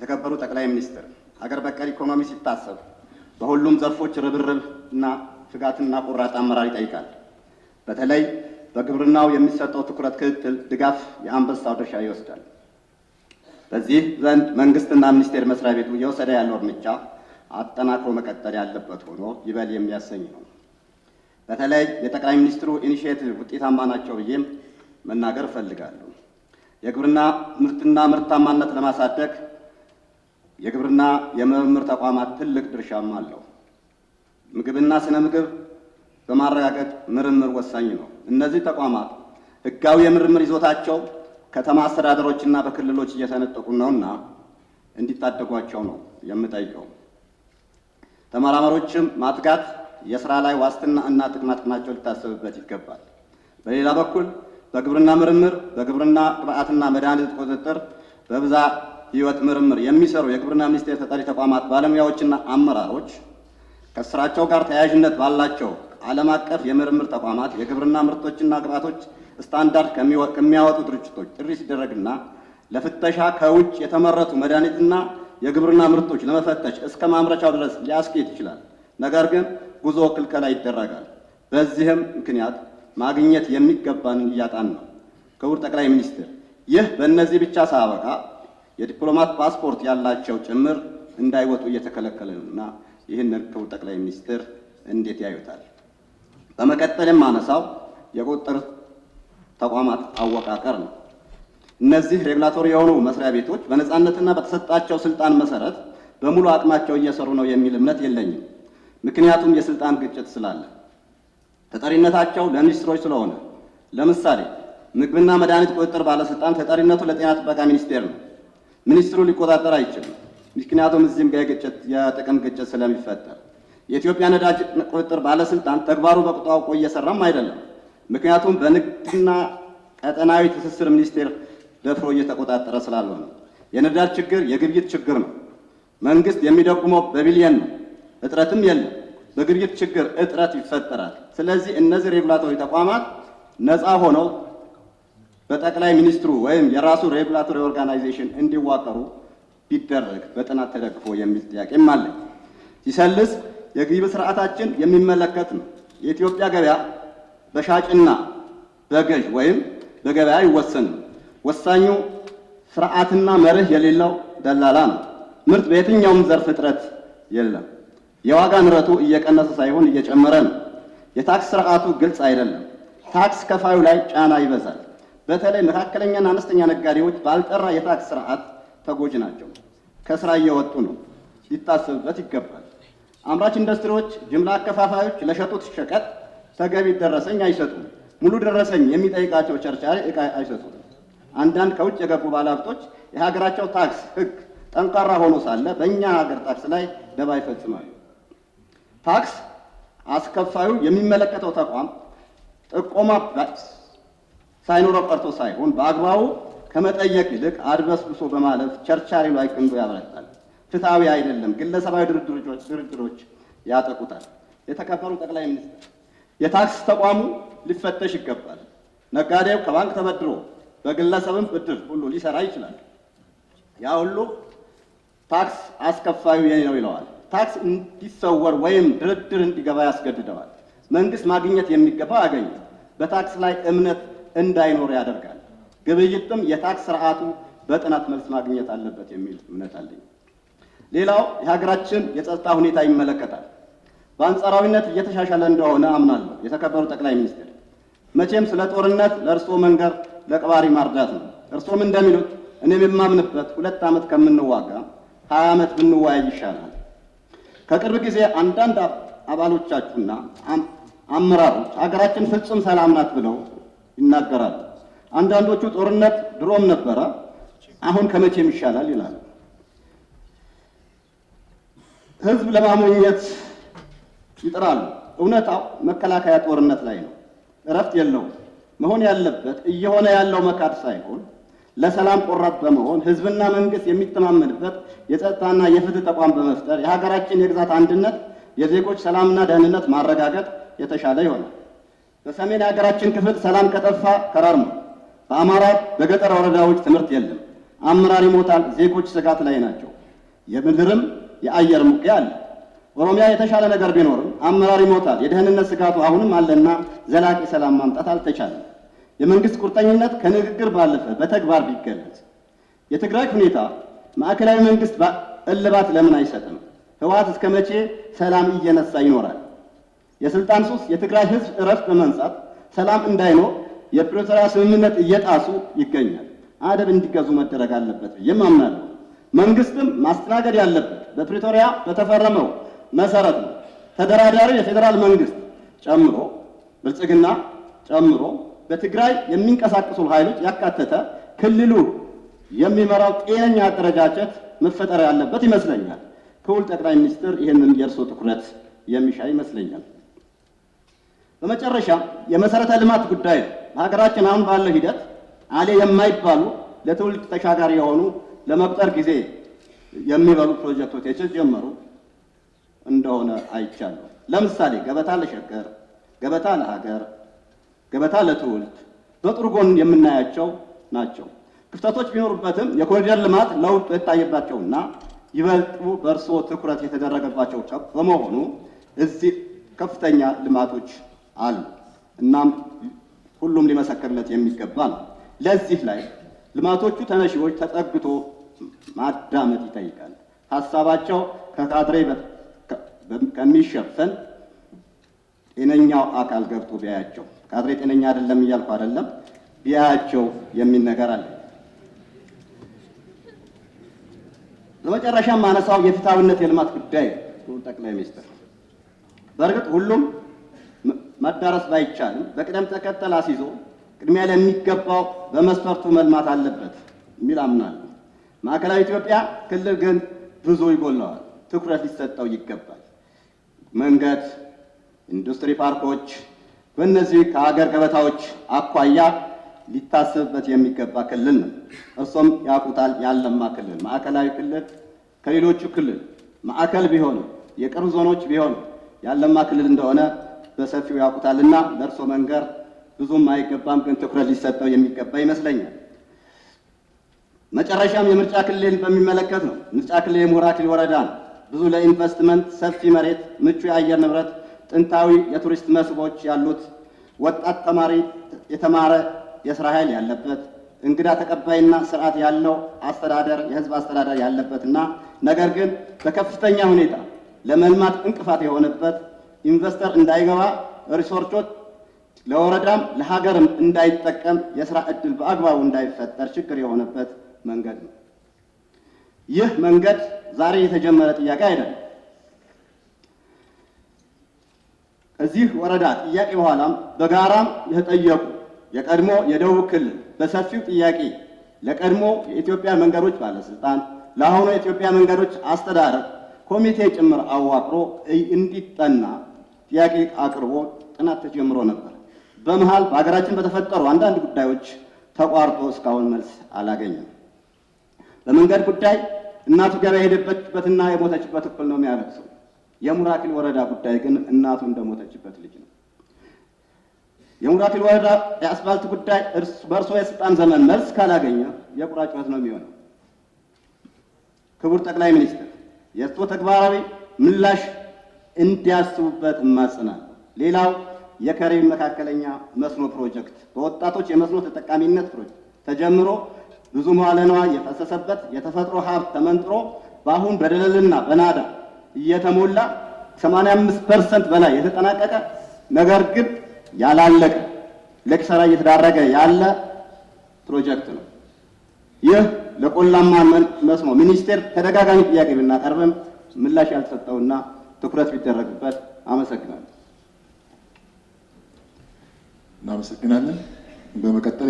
የተከበሩ ጠቅላይ ሚኒስትር፣ ሀገር በቀል ኢኮኖሚ ሲታሰብ በሁሉም ዘርፎች ርብርብ እና ትጋትና ቁራጣ አመራር ይጠይቃል። በተለይ በግብርናው የሚሰጠው ትኩረት፣ ክትትል፣ ድጋፍ የአንበሳው ድርሻ ይወስዳል። በዚህ ዘንድ መንግስትና ሚኒስቴር መስሪያ ቤቱ እየወሰደ ያለው እርምጃ አጠናክሮ መቀጠል ያለበት ሆኖ ይበል የሚያሰኝ ነው። በተለይ የጠቅላይ ሚኒስትሩ ኢኒሽቲቭ ውጤታማ ናቸው ብዬም መናገር እፈልጋለሁ። የግብርና ምርትና ምርታማነት ለማሳደግ የግብርና የምርምር ተቋማት ትልቅ ድርሻም አለው። ምግብና ስነ ምግብ በማረጋገጥ ምርምር ወሳኝ ነው። እነዚህ ተቋማት ህጋዊ የምርምር ይዞታቸው ከተማ አስተዳደሮችና በክልሎች እየተነጠቁ ነውና እንዲታደጓቸው ነው የምጠይቀው። ተመራማሪዎችም ማትጋት የስራ ላይ ዋስትና እና ጥቅማ ጥቅማቸው ሊታሰብበት ይገባል። በሌላ በኩል በግብርና ምርምር፣ በግብርና ግብዓትና መድኃኒት ቁጥጥር በብዛት ህይወት ምርምር የሚሰሩ የግብርና ሚኒስቴር ተጠሪ ተቋማት ባለሙያዎችና አመራሮች ከስራቸው ጋር ተያያዥነት ባላቸው ዓለም አቀፍ የምርምር ተቋማት የግብርና ምርቶችና ግብዓቶች ስታንዳርድ ከሚያወጡ ድርጅቶች ጥሪ ሲደረግና ለፍተሻ ከውጭ የተመረቱ መድኃኒትና የግብርና ምርቶች ለመፈተሽ እስከ ማምረቻው ድረስ ሊያስኬድ ይችላል። ነገር ግን ጉዞ ክልከላ ይደረጋል። በዚህም ምክንያት ማግኘት የሚገባንን እያጣን ነው። ክቡር ጠቅላይ ሚኒስትር፣ ይህ በእነዚህ ብቻ ሳበቃ የዲፕሎማት ፓስፖርት ያላቸው ጭምር እንዳይወጡ እየተከለከለ ነው እና ይህን ክቡር ጠቅላይ ሚኒስትር እንዴት ያዩታል? በመቀጠል የማነሳው የቁጥጥር ተቋማት አወቃቀር ነው። እነዚህ ሬጉላቶሪ የሆኑ መስሪያ ቤቶች በነፃነትና በተሰጣቸው ስልጣን መሰረት በሙሉ አቅማቸው እየሰሩ ነው የሚል እምነት የለኝም። ምክንያቱም የስልጣን ግጭት ስላለ ተጠሪነታቸው ለሚኒስትሮች ስለሆነ፣ ለምሳሌ ምግብና መድኃኒት ቁጥጥር ባለስልጣን ተጠሪነቱ ለጤና ጥበቃ ሚኒስቴር ነው። ሚኒስትሩ ሊቆጣጠር አይችልም። ምክንያቱም እዚህም ጋር የጥቅም ግጭት ስለሚፈጠር የኢትዮጵያ ነዳጅ ቁጥጥር ባለስልጣን ተግባሩ አውቆ እየሰራም አይደለም። ምክንያቱም በንግድና ቀጠናዊ ትስስር ሚኒስቴር ደፍሮ እየተቆጣጠረ ነው። የነዳጅ ችግር የግብይት ችግር ነው። መንግስት የሚደጉመው በቢሊየን ነው። እጥረትም የለም። በግብይት ችግር እጥረት ይፈጠራል። ስለዚህ እነዚህ ሬጉላቶሪ ተቋማት ነፃ ሆነው በጠቅላይ ሚኒስትሩ ወይም የራሱ ሬጉላቶሪ ኦርጋናይዜሽን እንዲዋቀሩ ቢደረግ በጥናት ተደግፎ የሚል ጥያቄም አለ። ሲሰልስ የግብ ስርዓታችን የሚመለከት ነው። የኢትዮጵያ ገበያ በሻጭና በገዥ ወይም በገበያ ይወሰን። ወሳኙ ስርዓትና መርህ የሌለው ደላላ ነው። ምርት በየትኛውም ዘርፍ እጥረት የለም። የዋጋ ንረቱ እየቀነሰ ሳይሆን እየጨመረ ነው። የታክስ ስርዓቱ ግልጽ አይደለም። ታክስ ከፋዩ ላይ ጫና ይበዛል። በተለይ መካከለኛና አነስተኛ ነጋዴዎች ባልጠራ የታክስ ስርዓት ተጎጂ ናቸው። ከስራ እየወጡ ነው፣ ሊታሰብበት ይገባል። አምራች ኢንዱስትሪዎች፣ ጅምላ አከፋፋዮች ለሸጡት ሸቀጥ ተገቢ ደረሰኝ አይሰጡም። ሙሉ ደረሰኝ የሚጠይቃቸው ቸርቻሪ እቃ አይሰጡም። አንዳንድ ከውጭ የገቡ ባለሀብቶች የሀገራቸው ታክስ ህግ ጠንካራ ሆኖ ሳለ በእኛ ሀገር ታክስ ላይ ደባ ይፈጽማሉ። ታክስ አስከፋዩ የሚመለከተው ተቋም ጥቆማ ሳይኖረው ቀርቶ ሳይሆን በአግባቡ ከመጠየቅ ይልቅ አድበስብሶ በማለፍ ቸርቻሪ ላይ ቅንዶ ያበረታል። ፍትሐዊ አይደለም። ግለሰባዊ ድርድሮች ያጠቁታል። የተከበሩ ጠቅላይ ሚኒስትር፣ የታክስ ተቋሙ ሊፈተሽ ይገባል። ነጋዴው ከባንክ ተበድሮ በግለሰብም ብድር ሁሉ ሊሰራ ይችላል። ያ ሁሉ ታክስ አስከፋዩ የኔ ነው ይለዋል። ታክስ እንዲሰወር ወይም ድርድር እንዲገባ ያስገድደዋል። መንግስት ማግኘት የሚገባው አገኘ። በታክስ ላይ እምነት እንዳይኖር ያደርጋል። ግብይትም የታክስ ስርዓቱ በጥናት መልስ ማግኘት አለበት የሚል እምነት አለኝ። ሌላው የሀገራችን የጸጥታ ሁኔታ ይመለከታል። በአንጻራዊነት እየተሻሻለ እንደሆነ አምናለሁ። የተከበሩ ጠቅላይ ሚኒስትር፣ መቼም ስለ ጦርነት ለእርስዎ መንገር ለቅባሪ ማርዳት ነው። እርስዎም እንደሚሉት እኔም የማምንበት ሁለት ዓመት ከምንዋጋ ሀያ ዓመት ብንወያይ ይሻላል። ከቅርብ ጊዜ አንዳንድ አባሎቻችሁና አመራሮች ሀገራችን ፍጹም ሰላም ናት ብለው ይናገራል። አንዳንዶቹ ጦርነት ድሮም ነበረ፣ አሁን ከመቼም ይሻላል ይላል። ህዝብ ለማሞኘት ይጥራሉ። እውነታው መከላከያ ጦርነት ላይ ነው፣ እረፍት የለውም። መሆን ያለበት እየሆነ ያለው መካድ ሳይሆን ለሰላም ቆራጥ በመሆን ህዝብና መንግስት የሚተማመንበት የጸጥታና የፍትህ ተቋም በመፍጠር የሀገራችን የግዛት አንድነት፣ የዜጎች ሰላምና ደህንነት ማረጋገጥ የተሻለ ይሆናል። በሰሜን የሀገራችን ክፍል ሰላም ከጠፋ ከራር በአማራ በገጠር ወረዳዎች ትምህርት የለም፣ አመራር ይሞታል፣ ዜጎች ስጋት ላይ ናቸው። የምድርም የአየር ሙቅ አለ። ኦሮሚያ የተሻለ ነገር ቢኖርም አመራር ይሞታል፣ የደህንነት ስጋቱ አሁንም አለና ዘላቂ ሰላም ማምጣት አልተቻለም። የመንግስት ቁርጠኝነት ከንግግር ባለፈ በተግባር ቢገለጽ። የትግራይ ሁኔታ ማዕከላዊ መንግስት እልባት ለምን አይሰጥም? ህወሓት እስከ መቼ ሰላም እየነሳ ይኖራል? የስልጣን ሱስ የትግራይ ህዝብ እረፍት በመንሳት ሰላም እንዳይኖር የፕሪቶሪያ ስምምነት እየጣሱ ይገኛል። አደብ እንዲገዙ መደረግ አለበት ብዬ አምናለሁ። መንግስትም ማስተናገድ ያለበት በፕሪቶሪያ በተፈረመው መሰረት ነው። ተደራዳሪ የፌዴራል መንግስት ጨምሮ ብልጽግና ጨምሮ በትግራይ የሚንቀሳቀሱ ኃይሎች ያካተተ ክልሉ የሚመራው ጤነኛ አደረጃጀት መፈጠር ያለበት ይመስለኛል። ክቡር ጠቅላይ ሚኒስትር፣ ይህንን የእርሶ ትኩረት የሚሻ ይመስለኛል። በመጨረሻ የመሰረተ ልማት ጉዳይ በሀገራችን አሁን ባለው ሂደት አሌ የማይባሉ ለትውልድ ተሻጋሪ የሆኑ ለመቁጠር ጊዜ የሚበሉ ፕሮጀክቶች የተጀመሩ እንደሆነ አይቻለሁ። ለምሳሌ ገበታ ለሸገር፣ ገበታ ለሀገር፣ ገበታ ለትውልድ በጥሩ ጎን የምናያቸው ናቸው። ክፍተቶች ቢኖሩበትም የኮሪደር ልማት ለውጥ የታየባቸውና ይበልጡ በእርስዎ ትኩረት የተደረገባቸው በመሆኑ እዚህ ከፍተኛ ልማቶች አሉ። እናም ሁሉም ሊመሰክርለት የሚገባ ነው። ለዚህ ላይ ልማቶቹ ተነሺዎች ተጠግቶ ማዳመጥ ይጠይቃል። ሀሳባቸው ከካድሬ ከሚሸፈን ጤነኛው አካል ገብቶ ቢያያቸው፣ ካድሬ ጤነኛ አይደለም እያልኩ አይደለም፣ ቢያያቸው የሚል ነገር አለ። ለመጨረሻም ማነሳው የፍትሐዊነት የልማት ጉዳይ ጠቅላይ ሚኒስትር በእርግጥ ሁሉም መዳረስ ባይቻልም በቅደም ተከተል አስይዞ ቅድሚያ ለሚገባው በመስፈርቱ መልማት አለበት የሚል አምናለሁ። ማዕከላዊ ኢትዮጵያ ክልል ግን ብዙ ይጎለዋል፣ ትኩረት ሊሰጠው ይገባል። መንገድ፣ ኢንዱስትሪ ፓርኮች፣ በእነዚህ ከሀገር ገበታዎች አኳያ ሊታሰብበት የሚገባ ክልል ነው። እርሶም ያውቁታል፣ ያለማ ክልል ማዕከላዊ ክልል ከሌሎቹ ክልል ማዕከል ቢሆን የቅርብ ዞኖች ቢሆን ያለማ ክልል እንደሆነ በሰፊው ያውቁታልና ለእርሶ መንገር ብዙም አይገባም፣ ግን ትኩረት ሊሰጠው የሚገባ ይመስለኛል። መጨረሻም የምርጫ ክልል በሚመለከት ነው። ምርጫ ክልል የምሁር ወረዳ ነው። ብዙ ለኢንቨስትመንት ሰፊ መሬት፣ ምቹ የአየር ንብረት፣ ጥንታዊ የቱሪስት መስህቦች ያሉት ወጣት ተማሪ የተማረ የስራ ኃይል ያለበት እንግዳ ተቀባይና ስርዓት ያለው አስተዳደር የህዝብ አስተዳደር ያለበትና ነገር ግን በከፍተኛ ሁኔታ ለመልማት እንቅፋት የሆነበት ኢንቨስተር እንዳይገባ፣ ሪሶርቾች ለወረዳም ለሀገርም እንዳይጠቀም፣ የስራ እድል በአግባቡ እንዳይፈጠር ችግር የሆነበት መንገድ ነው። ይህ መንገድ ዛሬ የተጀመረ ጥያቄ አይደለም። ከዚህ ወረዳ ጥያቄ በኋላም በጋራም የተጠየቁ የቀድሞ የደቡብ ክልል በሰፊው ጥያቄ ለቀድሞ የኢትዮጵያ መንገዶች ባለስልጣን ለአሁኑ የኢትዮጵያ መንገዶች አስተዳደር ኮሚቴ ጭምር አዋቅሮ እንዲጠና ጥያቄ አቅርቦ ጥናት ተጀምሮ ነበር። በመሃል በሀገራችን በተፈጠሩ አንዳንድ ጉዳዮች ተቋርጦ እስካሁን መልስ አላገኘም። በመንገድ ጉዳይ እናቱ ገበያ የሄደበትበትና የሞተችበት እኩል ነው የሚያለቅሰው። የሙራኪል ወረዳ ጉዳይ ግን እናቱ እንደሞተችበት ልጅ ነው። የሙራክል ወረዳ የአስፋልት ጉዳይ በእርሶ የስልጣን ዘመን መልስ ካላገኘ የቁራ ጩኸት ነው የሚሆነው። ክቡር ጠቅላይ ሚኒስትር የእርስዎ ተግባራዊ ምላሽ እንዲያስቡበት እማጽናለሁ። ሌላው የከሬን መካከለኛ መስኖ ፕሮጀክት በወጣቶች የመስኖ ተጠቃሚነት ፕሮጀክት ተጀምሮ ብዙ መዋለ ንዋይ የፈሰሰበት የተፈጥሮ ሀብት ተመንጥሮ በአሁን በደለልና በናዳ እየተሞላ 85 ፐርሰንት በላይ የተጠናቀቀ ነገር ግን ያላለቀ ለኪሳራ እየተዳረገ ያለ ፕሮጀክት ነው። ይህ ለቆላማ መስኖ ሚኒስቴር ተደጋጋሚ ጥያቄ ብናቀርብም ምላሽ ያልተሰጠውና ትኩረት ቢደረግበት። አመሰግናለሁ። እናመሰግናለን። በመቀጠል